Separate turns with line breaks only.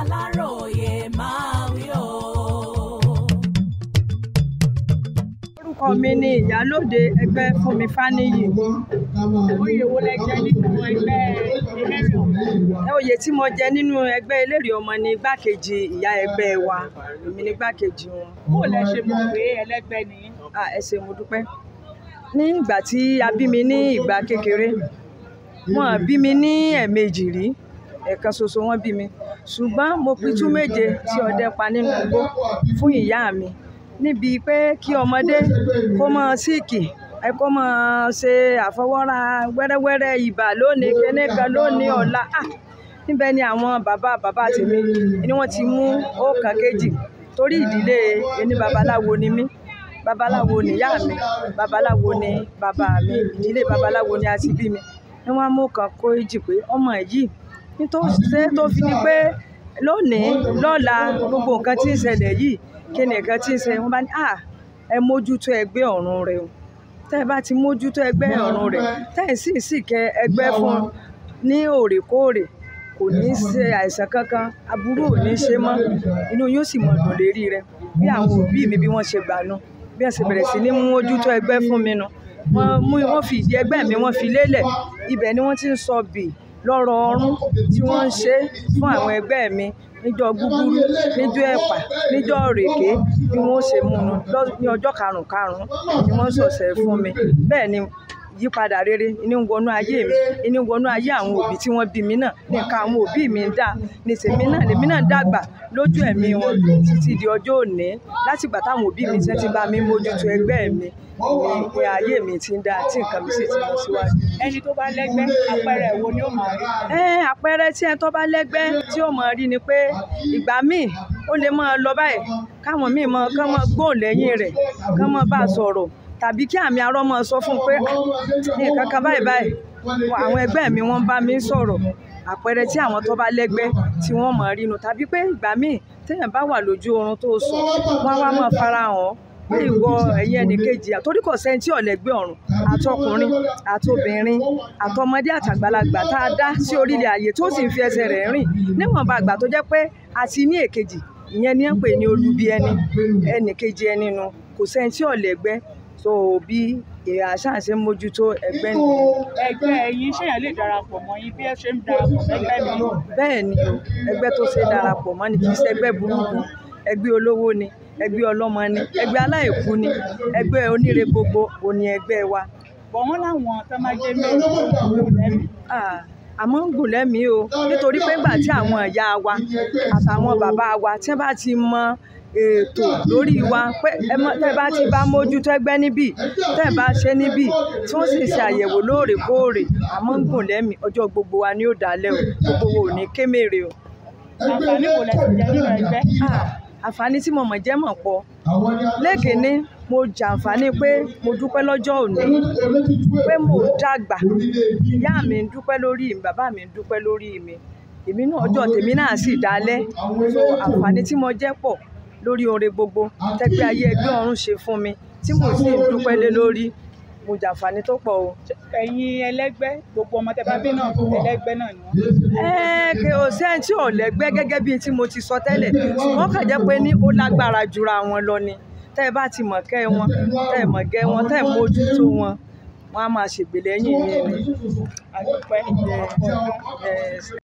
aláròye máa wí o. orúkọ mi ni ìyálóde ẹgbẹ́ fúnmi fáníyì oyè wo lẹ jẹ nínú ẹgbẹ́ eléré ọmọ. oyè tí mo jẹ nínú ẹgbẹ́ eléré ọmọ ni igbákejì ìyá ẹgbẹ́ wa èmi ni igbákejì wọn. bó lẹ ṣe mọ̀ pé ẹlẹ́gbẹ́ ni. ẹ ṣé mo dúpẹ́ ní ìgbà tí a bí mi ní ìgbà kékeré wọn bí mi ní ẹ̀ẹ̀mejì rí ẹ̀ẹ̀kan ṣoṣo wọ́n bí mi ṣùgbọ́n mo pitú méje tí ọdẹ pa nínú igbó fún ìyá mi níbi pé kí ọmọdé kó mọ síìkì ẹ kó mọ ṣe àfọwọ́ra wẹ́rẹ́wẹ́rẹ́ ibà lónìí kẹ́nẹ́kan lónìí ọ̀la ah! níbẹ̀ ni àwọn bàbá bàbá tèmi ni wọ́n ti mú ọ̀kan kejì torí ìdílé ẹni babaláwo ni mí babaláwo ni ìyá mi babaláwo ni bàbá mi ìdílé babaláwo ni a ti bí mi ni wọ́n mú ọ̀kan kó èjì pé ọmọ yìí nítorí tó fi ni pé lónìí lọ́la gbogbo nǹkan tí ń ṣẹlẹ̀ yìí kí ni nǹkan tí ń ṣẹlẹ̀ wọ́n bá ní à ẹ mójútó ẹgbẹ́ ọ̀run rẹ o tẹ́ ẹ bá ti mójútó ẹgbẹ́ ọ̀run rẹ tẹ́ ẹ sì sì kẹ ẹgbẹ́ fún ní òrèkóòrè kò ní ṣe àìsàn kankan aburú ò ní ṣe mọ́ inú yóò sì mọ̀ dùn lérí rẹ bí àwọn òbí mi bí wọ́n ṣe gbà nu bí wọ́n ṣe bẹ̀rẹ̀ sí ní mójútó ẹgbẹ́ fún mi nu wọ́n fi ìdí ẹgbẹ́ mi wọ́n fi lélẹ̀ ibẹ̀ ni wọ́n ti ń sọ bì lọ́rọ̀ ọ̀run tí wọ́n ń ṣe fún àwọn ẹgbẹ́ mi níjọ́ gúgúrú níjọ́ ẹ̀pà níjọ́ òrèké bí wọ́n ṣe mú un ní ọjọ́ karùn-karùn ni wọ́n ṣọ̀ṣẹ̀ fún mi bẹ́ẹ̀ ni ìyípadà rere ní wọnú ayé mi ní wọnú ayé àwọn òbí tí wọ́n bí mi náà nìkan àwọn òbí mi ń dà ní tèmi náà lèmi náà dàgbà lójú ẹ̀mí wọn títí di ọjọ́ òní látìgbà táwọn òbí mi ti bá mi mójútó ẹgbẹ́ mi ìpè ayé mi ti ń da tí nǹkan mi sì ti lọ síwájú. ẹni tó bá lẹ́gbẹ́ àpẹẹrẹ wo ni ó máa rí. ẹ àpẹẹrẹ tí ẹni tó bá lẹ́gbẹ́ tí ó máa rí ni pé ìgbà míì ó lè máa lọ báyìí káwọn míì máa kán máa gbóòn lẹ́yìn rẹ̀ kán máa bá a sọ̀rọ̀ tàbí kí àmì arọ́ máa sọ fún pé ah, nǹkan kan báyìí báyìí àwọn ẹgbẹ́ mi wọ́n bá mi sọ̀rọ̀ àpẹẹrẹ tí àwọn tó bá lẹ́gbẹ́ tí wọ́n mọ̀ rínu tàbí pé ìgbà míì téèyàn bá wà lójú oorun tó sùn wọ́n wá máa fara hàn pé ìwọ ẹ̀yin ẹnìkejì àtòrí kò sẹ́ni tí ọ̀lẹ́gbẹ́ ọ̀run àtọkùnrin àtobìnrin àtọmọdé àtàgbàlagbà tá a dá sí orílẹ̀ ayé tó sì ń fi ẹsẹ̀ rẹ̀ rìn níwọ̀nba àgbà tó jẹ́ pé a ní èkejì ìyẹn ni à ń pè ní olubi ẹni ẹnìkejì ẹni nu kò sẹ́ni tí ọ̀lẹ́gbẹ́ so bí àṣà ṣe ń mójútó ẹgbẹ́ ni. ẹgbẹ́ yín ṣèyàn lè darapọ̀ mọ́ yín bí ẹ ṣe ń darapọ̀ mẹ́gbẹ́ mi. bẹ́ẹ̀ ni o ẹgbẹ́ tó ṣe darapọ̀ mọ́ ni kì í ṣe ẹgbẹ́ burúkú ẹgbẹ́ olówó ni ẹgbẹ́ ọlọ́mọ ni ẹgbẹ́ aláìkú ni ẹgbẹ́ oníre gbogbo òní ẹgbẹ́ wa. bọ̀ wọ́n láwọn tó máa jẹ́ mẹ́rin àmọ́ ń gùn lẹ́mìí o nítorí pé ńgbà tí àwọn ìyá wa àtàwọn bàbá wa tí wọ́n bá ti mọ ètò lórí wa pé tẹ́ bá ti bá mójútó ẹgbẹ́ níbí tẹ́ bá ṣe níbí tí wọ́n sì ṣe àyẹ̀wò lóòrèkóòrè àmọ́ ń gùn lẹ́mìí ọjọ́ gbogbo wa ni ó o gbogbo wo ní kémèrè o.
àǹfààní wo lẹ ti jẹ nínú ẹgbẹ́.
àǹfààní tí mo mọ̀ jẹ́ mọ̀ pọ̀ lẹ́ẹ̀kẹ́ ní mo jàǹfààní pé mo dúpẹ́ lọ́jọ́ òní pé mo dàgbà ìyá mi ń dúpẹ́ lórí mi bàbá mi ń dúpẹ́ lórí mi èmi náà ọjọ́ tèmi náà sì dalẹ̀ so àǹfààní tí mo jẹ́ pọ̀ lórí oore gbogbo tẹ́gbẹ́ ayé ẹgbẹ́ ọ̀run ṣe fún mi tí mo sì dúpẹ́ lé lórí mo jàǹfààní tó pọ̀ o. ẹ̀yin ẹlẹ́gbẹ́ gbogbo ọmọ tẹ bá bí náà ẹlẹ́gbẹ́ náà ni wọ́n. ẹ kì ó sẹ́ni tí ò lẹ́gbẹ́ gẹ́gẹ́ bíi tí mo ti sọ tẹ́lẹ̀ wọ́n kàn jẹ́ pé ní ó lágbára jura wọn lọ ni tẹ́ ẹ bá ti mọ̀ kẹ́ wọn tẹ́ ẹ mọ̀ gẹ́ wọn tẹ́ ẹ mójútó wọn wọ́n á máa ṣègbè lẹ́yìn yẹn ni.